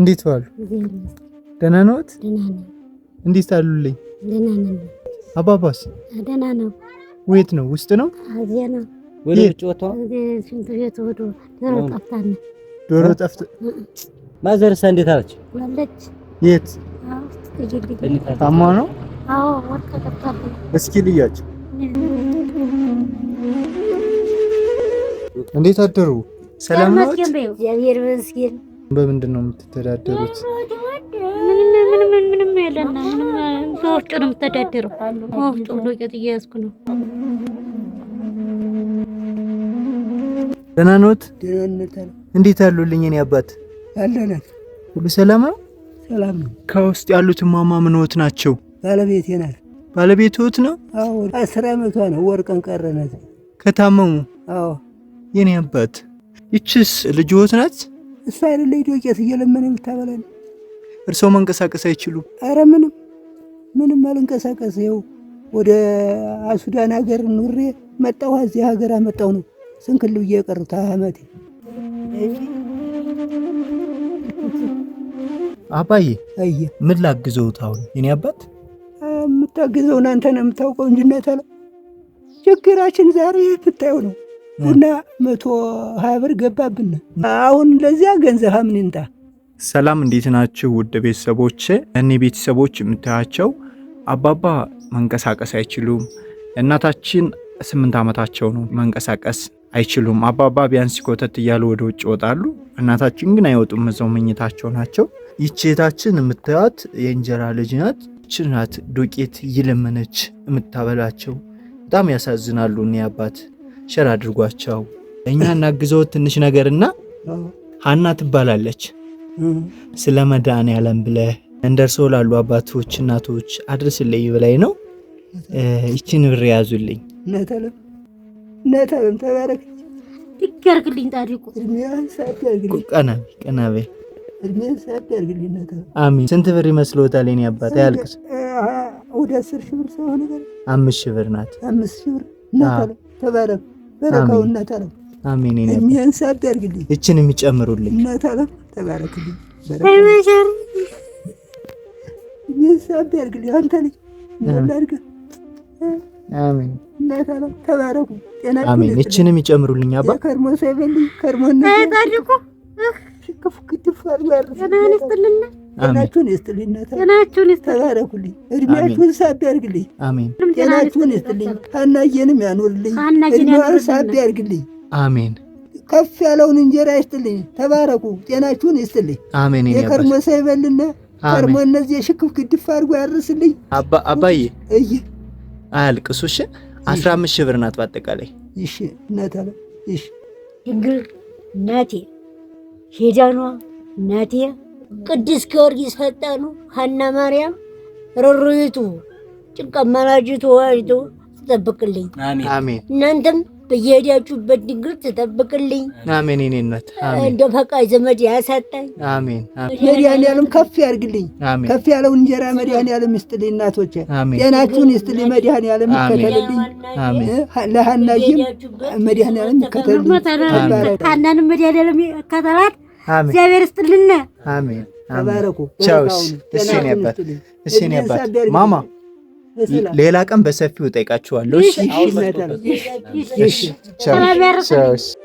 እንዴት ዋሉ? ደህና ነዎት? እንዴት አሉልኝ? አባባስ ደህና ነው። ወየት ነው? ውስጥ ነው? እዚያ ነው። ዶሮ ጠፍታ ማዘርሳ እንዴት አለች? የት ታማ ነው? እስኪ ልያቸው። እንዴት አደሩ? ሰላም ነው። በምንድን ነው የምትተዳደሩት? ምንም የለና ምንም በወፍጮ ነው የምተዳደረው። ዱቄት እየያዝኩ ነው። ደህና ኖት? እንዴት አሉልኝ? እኔ አባት አለነን ሁሉ ሰላም ነው? ሰላም ነው። ከውስጥ ያሉት ማማ ምንዎት ናቸው? ባለቤቴ ናት። ባለቤትዎት ነው? አዎ። አስር ነው። ወርቀን ቀረነት ከታመሙ? አዎ። የኔ አባት ይችስ ልጅዎት ናት? እሱ አይደለ ቄስ እየለመነ የምታበላን? እርሶ መንቀሳቀስ አይችሉም? አረ ምንም ምንም አልንቀሳቀስ። ይኸው ወደ አሱዳን ሀገር ኑሬ መጣሁ። እዚህ ሀገር አመጣው ነው ስንክል ብዬ የቀሩት አመቴ። አባዬ አየ ምን ላግዘውት? አሁን የኔ አባት የምታግዘውን አንተ ነው የምታውቀው እንጂ እናታለ ችግራችን ዛሬ ብታየው ነው ቡና መቶ ሀያ ብር ገባብን። አሁን ለዚያ ገንዘብ ምን ይንጣ? ሰላም እንዴት ናችሁ ውድ ቤተሰቦች? እኔ ቤተሰቦች የምታያቸው አባባ መንቀሳቀስ አይችሉም። እናታችን ስምንት ዓመታቸው ነው። መንቀሳቀስ አይችሉም። አባባ ቢያንስ ኮተት እያሉ ወደ ውጭ ይወጣሉ። እናታችን ግን አይወጡም፣ እዛው መኝታቸው ናቸው። ይቼታችን የምታያት የእንጀራ ልጅ ናት። ይቺ ናት ዱቄት እየለመነች የምታበላቸው። በጣም ያሳዝናሉ እኔ አባት ሸር አድርጓቸው። እኛ እናግዘው ትንሽ ነገርና ሀና ትባላለች ስለ መድኃኔዓለም ብለህ እንደርሰው ላሉ አባቶች እናቶች አድርስልኝ ብላኝ ነው። ይችን ብር ያዙልኝ። ነተለም ተባረክ ይገርግልኝ። ጣሪቁ አሚን። ስንት ብር ይመስልዎታል? የኔ አባት አያልቅስ። ወደ አስር ሺህ ብር አምስት ሺህ ብር ናት። አምስት ሺህ ብር ነተለም ተባረክ በረካውን አሜን። እኔ ያርግልኝ እችን የሚጨምሩልኝ ተባረክልኝ። ያርግልኝ አንተ ልጅ አሜን። ተባረኩ። ጤና አሜን። እችን የሚጨምሩልኝ አባ ከርሞ ሰበልኝ ከርሞ ጤናችሁን ይስጥልኝ፣ ጤናችሁን ተባረኩልኝ፣ እድሜያችሁን ሳቢ ያርግልኝ፣ ጤናችሁን ይስጥልኝ፣ አናየንም ያኖርልኝ፣ እድሜዋን ሳቢ ያርግልኝ። አሜን። ከፍ ያለውን እንጀራ ይስጥልኝ። ተባረኩ፣ ጤናችሁን ይስጥልኝ። አሜን። የከርሞ ሰው ከርሞ እነዚህ የሽክፍ ግድፍ አድርጎ ያርስልኝ። አባዬ እይ አያልቅሱ። እሺ፣ አስራ አምስት ሺህ ብር ናት በአጠቃላይ። እሺ እናት አለ እሺ፣ ድንግል እናቴ ሄዳኗ እናቴ ቅዱስ ጊዮርጊስ ፈጣኑ፣ ሀና ማርያም ርርይቱ፣ ጭቃ መላጅቱ ዋጅቶ ትጠብቅልኝ። እናንተም በየሄዳችሁበት ድንግል ትጠብቅልኝ። አሜን። እኔነት እንደ ፈቃይ ዘመድ ያሳጣኝ። አሜን። መድኃኔዓለም ከፍ ያድርግልኝ። ከፍ ያለው እንጀራ መድኃኔዓለም ይስጥልኝ። እናቶች ጤናችሁን ይስጥልኝ። መድኃኔዓለም ይከተልልኝ። ለሀናዬም መድኃኔዓለም ይከተልልኝ። ሀናንም መድኃኔዓለም ይከተላት። እግዚአብሔር ይስጥልን። አሜን። እሺ አባት ማማ ሌላ ቀን በሰፊው እጠይቃችኋለሁ። እሺ